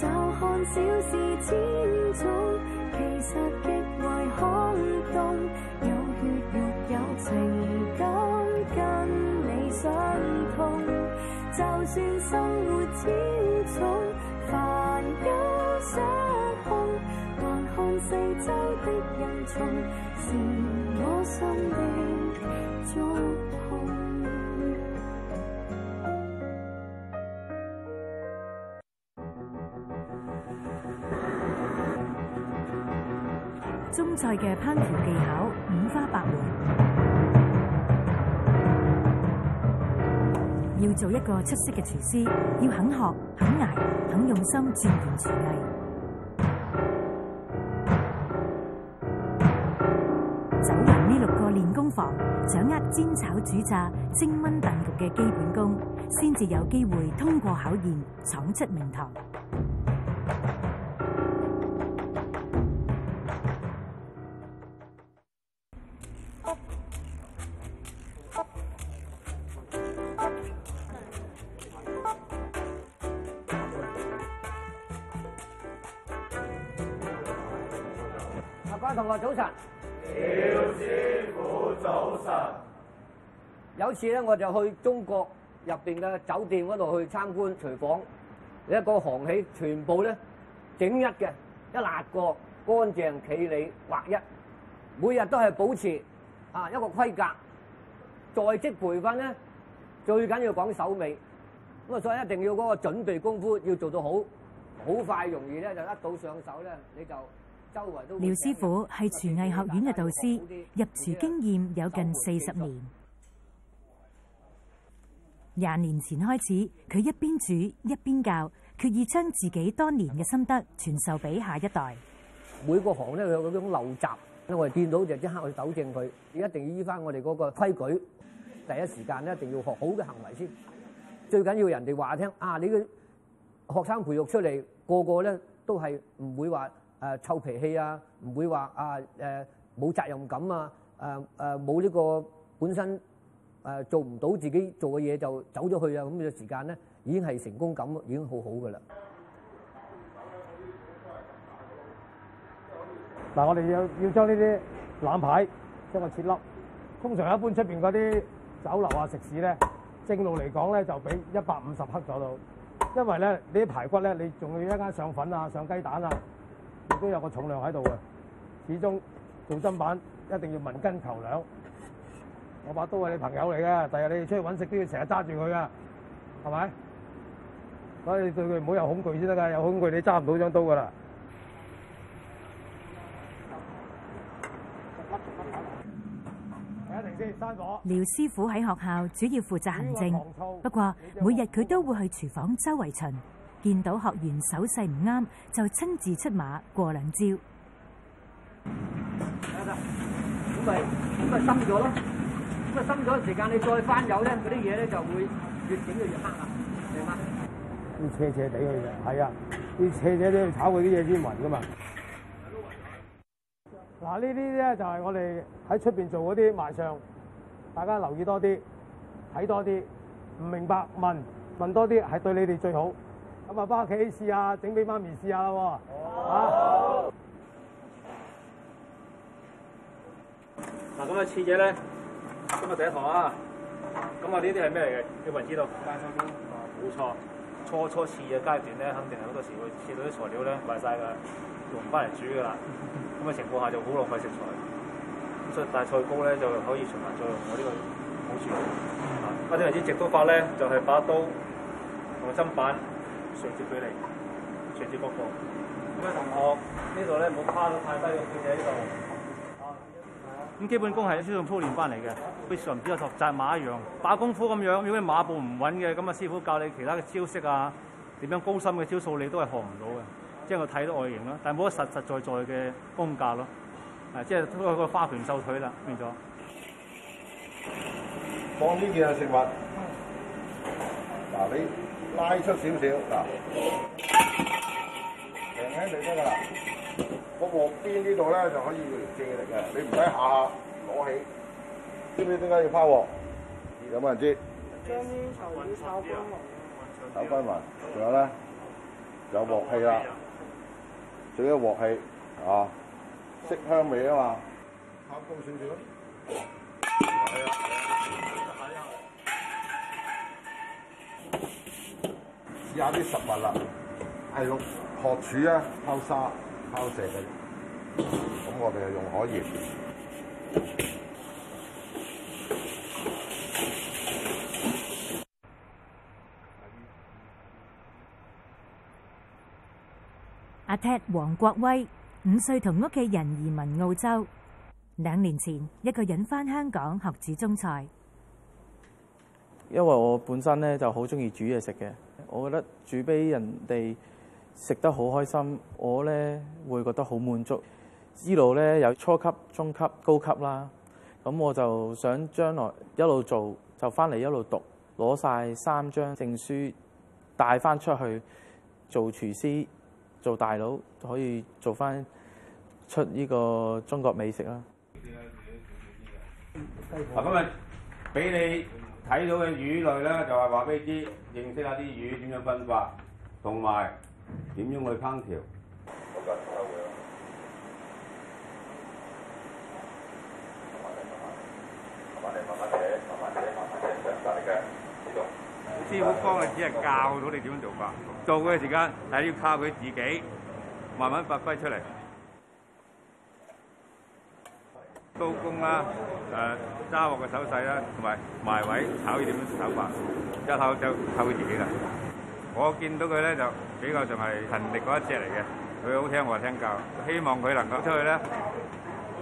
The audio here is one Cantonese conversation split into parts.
就看小事千種，其實極為空洞。有血肉有情感，跟你相通。就算生活千重，煩憂失控，還看四周的人叢，是我心的痛。菜嘅烹調技巧五花八門，要做一個出色嘅廚師，要肯學、肯捱、肯用心鑽研廚藝。走入呢六個練功房，掌握煎炒煮炸、蒸燜燉焗嘅基本功，先至有機會通過考驗，闖出名堂。小師傅早晨。有次咧，我就去中國入面嘅酒店嗰度去參觀廚房，一個行起全部咧整一嘅，一辣個乾淨企理劃一，每日都係保持啊一個規格。在職培訓咧最緊要講手尾，咁啊所以一定要嗰個準備功夫要做到好，好快容易咧就一到上手咧你就。周廖師傅係廚藝學院嘅導師，入廚經驗有近四十年。廿年前開始，佢一邊煮一邊教，決意將自己多年嘅心得傳授俾下一代。每個行咧有嗰啲陋習，我哋見到就即刻去糾正佢，一定要依翻，我哋嗰個規矩。第一時間咧，一定要學好嘅行為先。最緊要人哋話聽啊，你嘅學生培育出嚟個個咧都係唔會話，誒、呃、臭脾氣啊！唔會話啊冇、呃、責任感啊！誒冇呢個本身誒、啊、做唔到自己做嘅嘢就走咗去啊！咁嘅時間咧，已經係成功感，已經好好㗎喇。嗱，我哋要要將呢啲腩排將佢切粒。通常一般出面嗰啲酒樓啊、食肆咧，正路嚟講咧就俾一百五十克左右，因為咧呢啲排骨咧，你仲要一間上粉啊、上雞蛋啊。都有個重量喺度嘅，始終做砧板一定要問斤求兩。我把刀係你朋友嚟嘅，第二日你哋出去揾食都要成日揸住佢嘅，係咪？所以對佢唔好有恐懼先得㗎，有恐懼你揸唔到一張刀㗎啦。廖師傅喺學校主要負責行政，不過每日佢都會去廚房周圍巡。見到學員手勢唔啱，就親自出馬過兩招。咁咪咁咪深咗囉？咁咪深咗時間，你再翻油咧，嗰啲嘢咧就會越整就越，越黑啦，明嘛？啲斜斜地去嘅，係啊，啲斜斜地炒佢啲嘢先勻㗎嘛。嗱，呢啲咧就係我哋喺出邊做嗰啲賣相，大家留意多啲，睇多啲，唔明白問問多啲，係對你哋最好。咁啊，翻屋企試下整俾媽咪試下啦喎。好。嗱，咁啊，切嘢咧，今日第一堂啊。咁啊，呢啲係咩嚟嘅？你唔知道。大菜糕。哦、啊，冇錯，初初切嘅階段咧，肯定係好多時會切到啲材料咧壞晒㗎，用翻嚟煮㗎啦。咁嘅情況下就好浪費食材。所以大菜糕咧就可以循環再用，所以呢個好處。啊，我哋為之直刀法咧，就係、是、把刀同埋砧板。垂直距離，垂直角度。呢位同學，呢度咧唔好趴得太低，我見你呢度。咁基本功係一招一式操練翻嚟嘅，非常唔有係學紮馬一樣，把功夫咁樣。如果馬步唔穩嘅，咁啊師傅教你其他嘅招式啊，點樣高深嘅招數你都係學唔到嘅。即係我睇到外形咯，但係冇得實實在在嘅功架咯。啊，即係通係個花拳繡腿啦，明咗？放呢件嘢食物。嗱、啊、你。拉出少少嗱，平平地得㗎喇。個鑊邊呢度呢，就可以借力嘅，你唔使下下攞起。知唔知點解要拋鑊？有冇人知？將啲材料炒翻埋，炒翻埋。仲有呢？有鑊氣啦，仲有鑊氣啊，色香味啊嘛。炒高少少。加啲食物啦，係用河柱啊拋沙拋石嘅，咁我哋用海鹽。阿 Ted 黃國威五歲同屋企人移民澳洲，兩年前一個人翻香港學煮中菜，因為我本身咧就好中意煮嘢食嘅。我覺得煮俾人哋食得好開心，我呢會覺得好滿足。呢度呢有初級、中級、高級啦，咁我就想將來一路做，就翻嚟一路讀，攞晒三張證書，帶翻出去做廚師、做大佬，可以做翻出呢個中國美食啦。嗱，今日俾你。睇到嘅魚類咧，就係話俾你知，認識下啲魚點樣分法，同埋點樣去烹調。慢師傅幫你只係教到你點樣做法，做嘅時間係要靠佢自己慢慢發揮出嚟。刀工啦，誒揸鑊嘅手勢啦，同埋埋位炒嘢點樣手法，一口就靠佢自己啦。我見到佢咧就比較仲係勤力嗰一隻嚟嘅，佢好聽我話聽教，希望佢能夠出去咧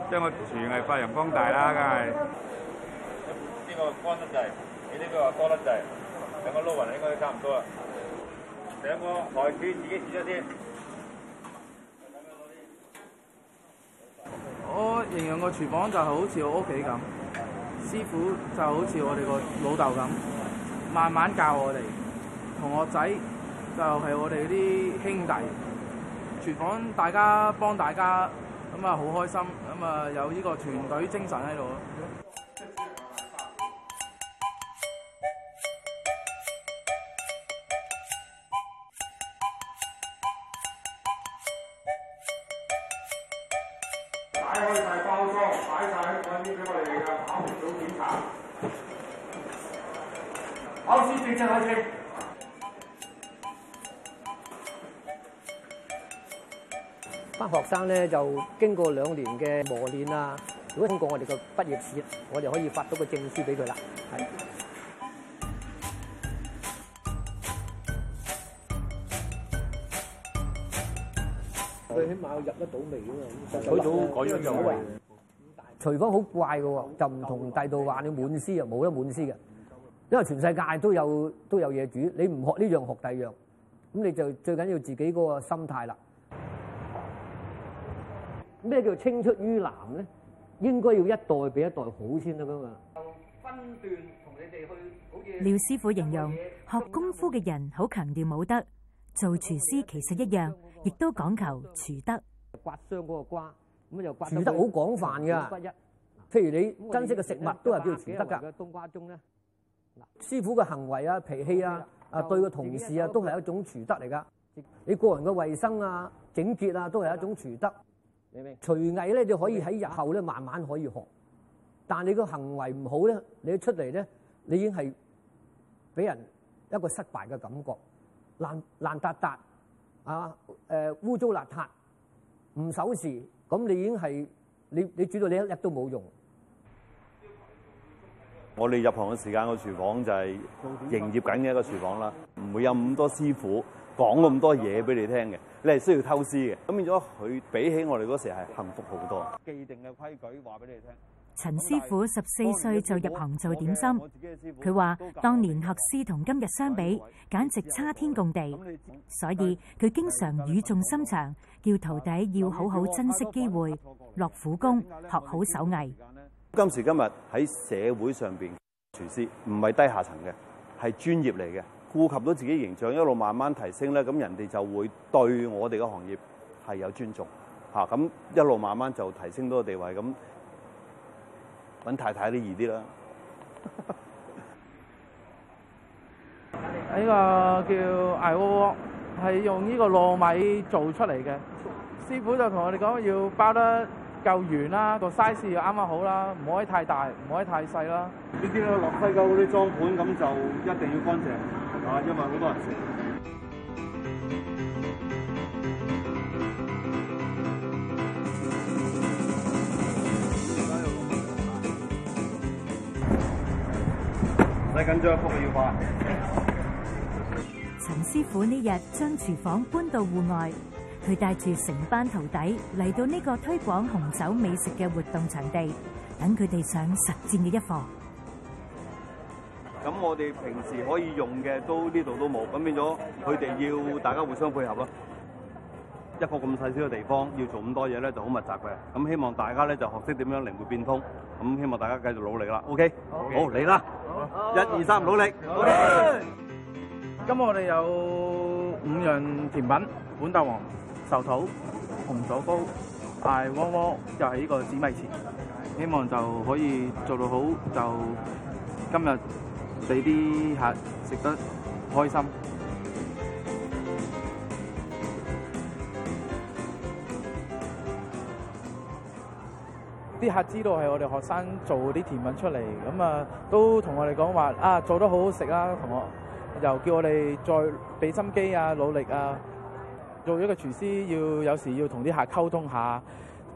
將個廚藝發揚光大啦，梗係。咁呢個乾得滯，你呢個話多得滯，兩個撈勻應該都差唔多啊。兩個台主自己注意啲。另外個廚房就好似我屋企咁，師傅就好似我哋個老豆咁，慢慢教我哋，同學仔就係我哋啲兄弟，廚房大家幫大家，咁啊好開心，咁啊有呢個團隊精神喺度。開晒包裝，擺晒喺嗰啲俾我哋嘅考評組檢查。考試正式開始。班學生咧就經過兩年嘅磨練啊，如果通過我哋嘅畢業試，我哋可以發到個證書俾佢啦。係。入得到味嘅，做到改一樣廚房好怪嘅，就唔同第度話你滿師啊，冇得滿師嘅。因為全世界都有都有嘢煮，你唔學呢樣，學第二樣，咁你就最緊要自己嗰個心態啦。咩叫青出於藍咧？應該要一代比一代好先得噶嘛。分段同你哋去。廖師傅形容學功夫嘅人好強調武德，做廚師其實一樣，亦都講求廚德。刮傷嗰個瓜。咁就廚德好廣泛噶。譬如你珍惜嘅食物都係叫廚德噶。師傅嘅行為啊、脾氣啊、啊對個同事啊，都係一種廚德嚟噶。你個人嘅衛生啊、整潔啊，都係一種廚德。廚藝咧就可以喺日後咧慢慢可以學，但你個行為唔好咧，你一出嚟咧，你已經係俾人一個失敗嘅感覺，爛爛笪笪啊，誒污糟邋遢。唔守時，咁你已經係你你煮到你一日都冇用。我哋入行嘅時間，個廚房就係營業緊嘅一個廚房啦，唔會有咁多師傅講咁多嘢俾你聽嘅，你係需要偷師嘅。咁變咗佢比起我哋嗰時係幸福好多。啊，既定嘅規矩，話俾你聽。陳師傅十四歲就入行做點心，佢話當年學師同今日相比簡直差天共地，所以佢經常語重心長，叫徒弟要好好珍惜機會，落苦功學好手藝。今時今日喺社會上邊，廚師唔係低下層嘅，係專業嚟嘅，顧及到自己形象，一路慢慢提升咧，咁人哋就會對我哋嘅行業係有尊重，吓咁一路慢慢就提升到個地位咁。搵太太都易啲啦。呢 個叫艾窩窩，係用呢個糯米做出嚟嘅。師傅就同我哋講要包得夠圓啦，個 size 要啱啱好啦，唔可以太大，唔可以太細啦。這些呢啲咧落西九嗰啲裝盤咁就一定要乾淨，啊，因為好多人食。唔使緊張，不過要快。陳師傅呢日將廚房搬到戶外，佢帶住成班徒弟嚟到呢個推廣紅酒美食嘅活動場地，等佢哋上實戰嘅一課。咁我哋平時可以用嘅都呢度都冇，咁變咗佢哋要大家互相配合咯。一個咁細小嘅地方要做咁多嘢咧，就好密集嘅。咁希望大家咧就學識點樣靈活變通。咁希望大家繼續努力啦。OK，好嚟啦，一二三，努力！今日我哋有五樣甜品：豌豆黃、壽桃、紅棗糕、大窩窩，就係呢個紫米糍。希望就可以做到好，就今日俾啲客食得開心。啲客知道係我哋學生做啲甜品出嚟，咁啊都同我哋講話啊，做得好好食啊！同學又叫我哋再俾心機啊，努力啊！做一個廚師要有時要同啲客溝通一下，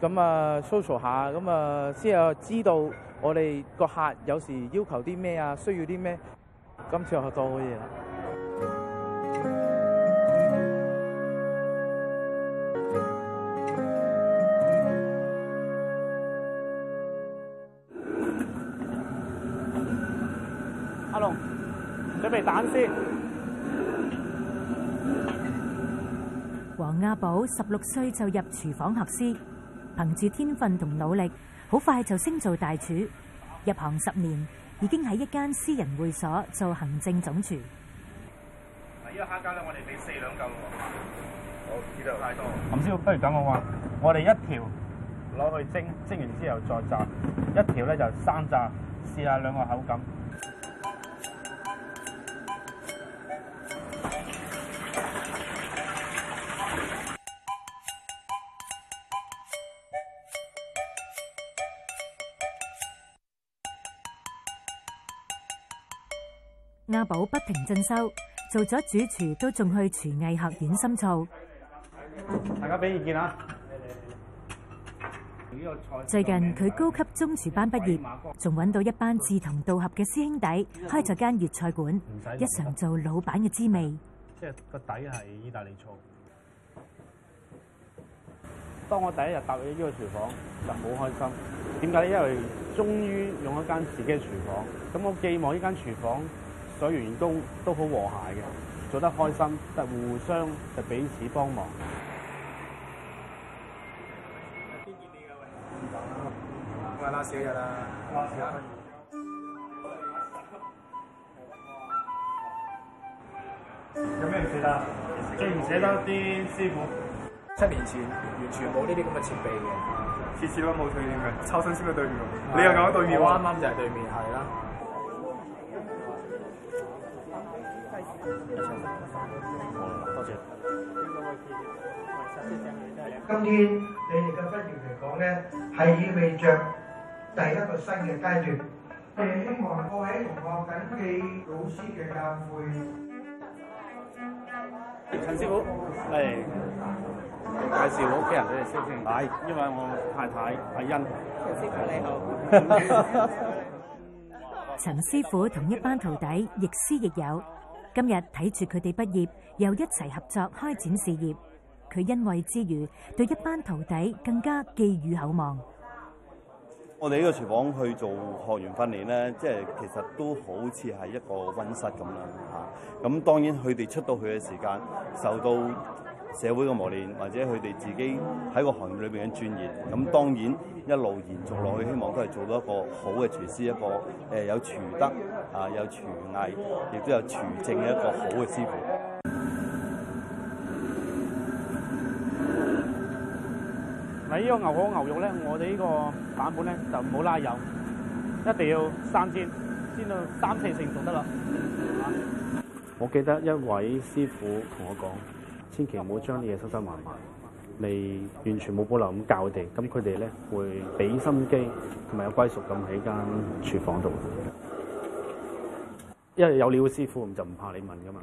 咁啊 social 下，咁啊先啊知道我哋個客有時要求啲咩啊，需要啲咩？今次又做嘢。蛋黃。黃阿寶十六歲就入廚房學師，憑住天分同努力，好快就升做大廚。入行十年，已經喺一間私人會所做行政總廚。依個蝦餃咧，我哋俾四兩夠啦，好知道態度。林師傅，不如咁講啊，我哋一條攞去蒸，蒸完之後再炸，一條咧就生炸，試下兩個口感。不停進修，做咗主廚都仲去廚藝學院深造。大家俾意見啊！最近佢高級中廚班畢業，仲揾到一班志同道合嘅師兄弟，開咗間粵菜館，一嘗做老闆嘅滋味。即係個底係意大利醋。當我第一日踏入呢個廚房就好開心，點解？因為終於用一間自己嘅廚房，咁我寄望呢間廚房。所有員工都好和諧嘅，做得開心，互相，彼此幫忙。見你嘅喂，咁啊拉少日啦，嗯、有咩唔捨得？最唔捨得啲師傅。七年前完全冇呢啲咁嘅設備嘅，次次都冇退嘅，抽身先去對面。啊、你又講對,、啊、對面，我啱啱就係對面，係啦。好多謝。今天你哋嘅畢業嚟講咧，係意味著第一個新嘅階段。我哋希望各位同學謹記老師嘅教誨。陳師傅，係介紹我屋企人俾你識先。係，因為我太太阿欣。陳師傅你好。陳師傅同一班徒弟亦師亦友。今日睇住佢哋畢業，又一齊合作開展事業，佢欣慰之餘，對一班徒弟更加寄予厚望。我哋呢個廚房去做學員訓練咧，即係其實都好似係一個溫室咁樣，吓。咁當然佢哋出到去嘅時間，受到社會嘅磨練，或者佢哋自己喺個行業裏邊嘅專業，咁當然一路延續落去，希望都係做到一個好嘅廚師，一個誒有廚德啊，有廚藝，亦都有廚政嘅一個好嘅師傅。嗱，呢個牛河牛肉咧，我哋呢個版本咧就唔好拉油，一定要三煎，煎到三四成熟得啦。我記得一位師傅同我講。千祈唔好將啲嘢收收埋埋，你完全冇保留咁教佢哋。咁佢哋咧會俾心機同埋有歸屬感喺間廚房度。因為有料師傅就唔怕你問㗎嘛。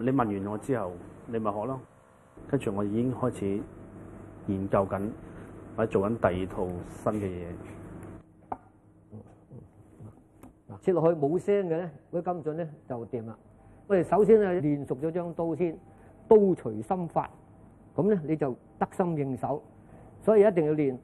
你問完我之後，你咪學咯。跟住我已經開始研究緊，或者做緊第二套新嘅嘢。嗱，切落去冇聲嘅咧，嗰啲金呢，咧就掂啦。喂哋，首先係練熟咗張刀先。刀隨心法，咁咧你就得心應手，所以一定要練。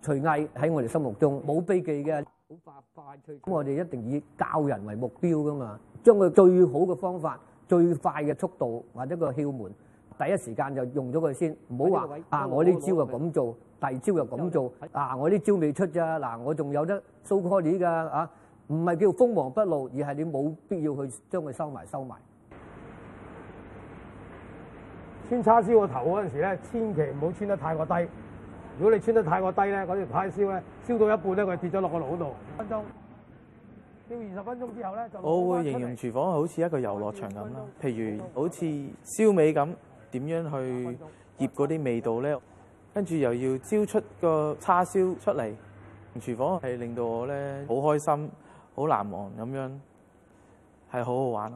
徐毅喺我哋心目中冇避忌嘅，咁我哋一定以教人為目標噶嘛，將佢最好嘅方法、最快嘅速度或者個竅門，第一時間就用咗佢先，唔好話啊！我呢招就咁做，第二招又咁做，啊！我呢招未出咋？嗱，我仲有得 show 開你㗎啊！唔係叫鋒芒不露，而係你冇必要去將佢收埋收埋。穿叉燒個頭嗰陣時咧，千祈唔好穿得太過低。如果你穿得太過低咧，嗰條叉燒咧燒到一半咧，佢跌咗落個爐度。分鐘燒二十分鐘之後咧，就我會形容廚房好似一個遊樂場咁啦。譬如好似燒味咁，點樣去醃嗰啲味道咧？跟住又要焦出個叉燒出嚟。廚房係令到我咧好開心、好難忘咁樣，係好好玩。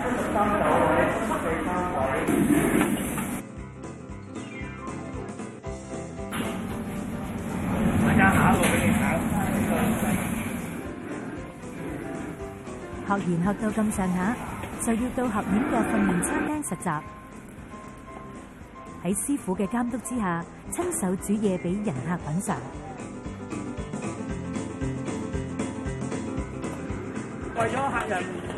三學完學到咁上下，就要到學院嘅訓練餐廳實習。喺師傅嘅監督之下，親手煮嘢俾人客品嘗。為咗客人。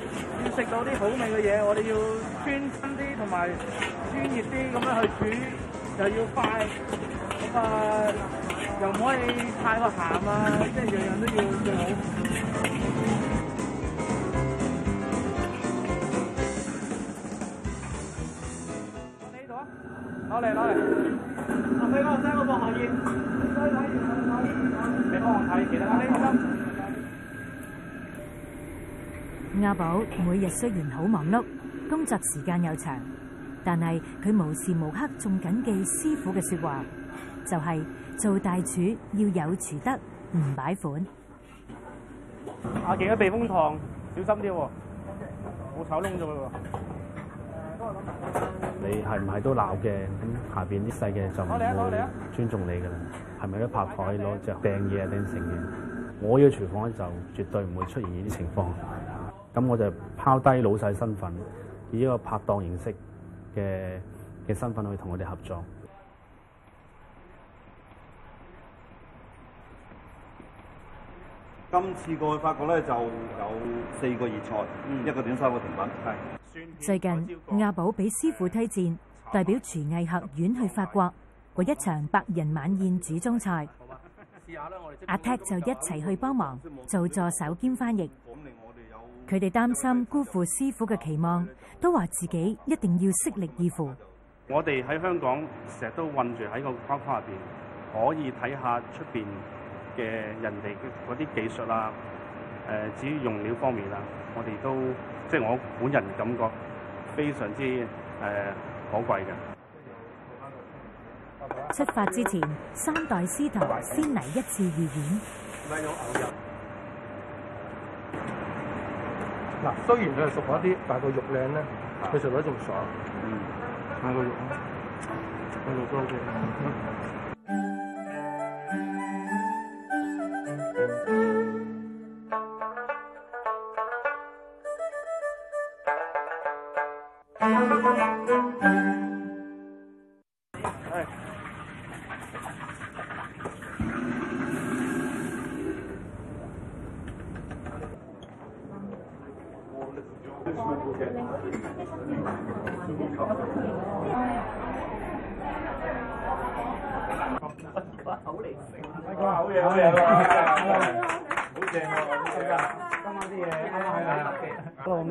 食到啲好味嘅嘢，我哋要專心啲同埋專業啲咁樣去煮，又要快，咁啊又唔可以太過鹹啊，即係樣樣都要最好。呢度啊，攞嚟攞嚟，阿飛哥真係好學業，真係睇住佢學業，你幫我睇住啦，阿你。阿寶每日雖然好忙碌，工作時間又長，但係佢無時無刻仲謹記師傅嘅說話，就係、是、做大廚要有廚德，唔擺款。阿勁嘅避風塘，小心啲喎，冇炒窿啫喎。你係唔係都鬧嘅？咁下邊啲細嘅就唔會尊重你噶啦。係咪都拍台攞隻掟嘢啊？定成嘅，我要廚房咧就絕對唔會出現呢啲情況。咁我就拋低老細身份，以一個拍檔形式嘅嘅身份去同佢哋合作。今次過去法國咧，就有四個熱菜，一個點三個甜品。最近亞寶俾師傅推薦，代表廚藝學院去法國為一場百人晚宴煮中菜。亞踢就一齊去幫忙，做助手兼翻譯。佢哋擔心辜負師傅嘅期望，都話自己一定要竭力以赴。我哋喺香港成日都困住喺個框框入邊，可以睇下出邊嘅人哋嗰啲技術啊，誒、呃，至於用料方面啊，我哋都即係我本人感覺非常之誒、呃、可貴嘅。出發之前，三代師徒拜拜先嚟一次預演。嗱，雖然佢係熟咗啲，但係個肉靚咧，佢食得仲爽。嗯，睇個肉，個肉都好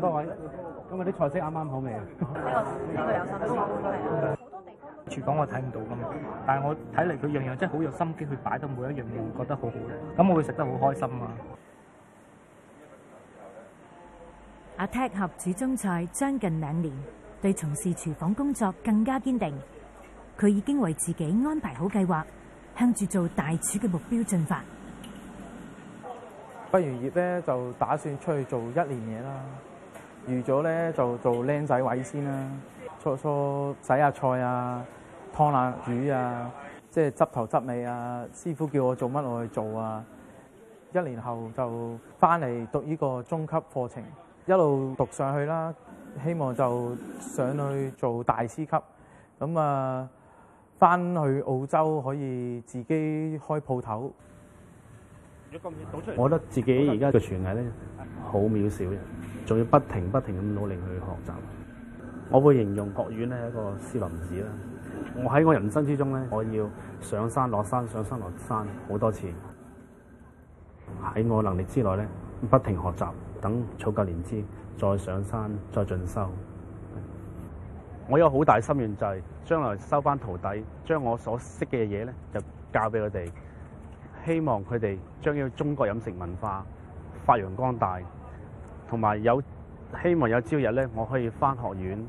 各位，咁啊啲菜式啱啱好味啊？呢、 這個呢、這個有心，好多嚟啊！好多地方。廚房我睇唔到咁，但係我睇嚟佢樣樣真係好有心機去擺到每一樣，我會覺得好好嘅，咁我會食得好開心、嗯、啊！阿 t a g 合煮中菜將近兩年，對從事廚房工作更加堅定。佢已經為自己安排好計劃，向住做大廚嘅目標進發。畢完業咧，就打算出去做一年嘢啦。預咗咧，就做僆仔位先啦，初初洗下菜啊，湯冷煮啊，即係執頭執尾啊。師傅叫我做乜我去做啊。一年後就翻嚟讀呢個中級課程，一路讀上去啦。希望就上去做大師級。咁啊，翻去澳洲可以自己開鋪頭。我覺得自己而家嘅廚藝咧，好渺小嘅。仲要不停不停咁努力去學習，我會形容學院呢係一個師林寺啦。我喺我人生之中咧，我要上山落山，上山落山好多次。喺我能力之內咧，不停學習，等草夠年資，再上山再進修。我有好大心願，就係將來收翻徒弟，將我所識嘅嘢咧，就教俾佢哋。希望佢哋將要中國飲食文化發揚光大。同埋有希望有朝日咧，我可以返學院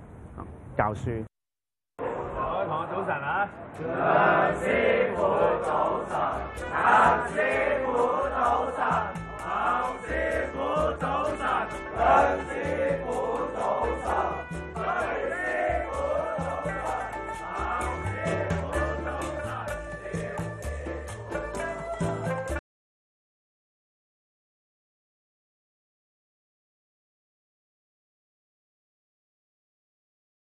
教書。同學早晨啊！梁師傅早晨，陳師傅早晨，侯師傅早晨，梁師傅早晨。